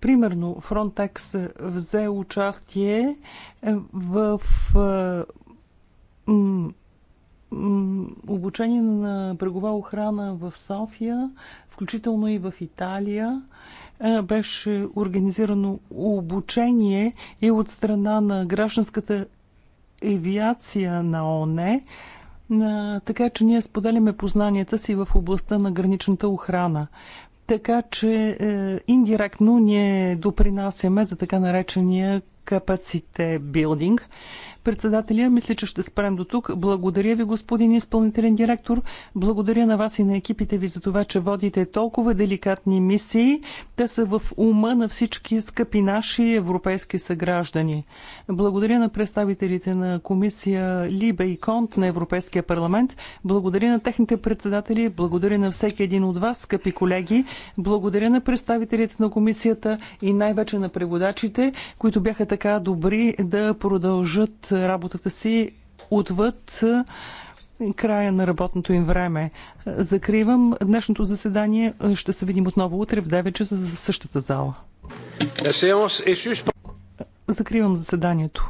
[SPEAKER 1] Примерно, Frontex взе участие в е, обучение на брегова охрана в София, включително и в Италия. Е, беше организирано обучение и от страна на гражданската авиация на ОНЕ, така че ние споделяме познанията си в областта на граничната охрана. Така че е, индиректно ние допринасяме за така наречения капаците билдинг. Председателя, мисля, че ще спрем до тук. Благодаря ви, господин изпълнителен директор. Благодаря на вас и на екипите ви за това, че водите толкова деликатни мисии. Те са в ума на всички скъпи наши европейски съграждани. Благодаря на представителите на комисия Либе и Конт на Европейския парламент. Благодаря на техните председатели. Благодаря на всеки един от вас, скъпи колеги. Благодаря на представителите на комисията и най-вече на преводачите, които бяха така добри да продължат работата си отвъд е, края на работното им време. Закривам днешното заседание. Е, ще се видим отново утре в 9 часа за същата зала. Закривам заседанието.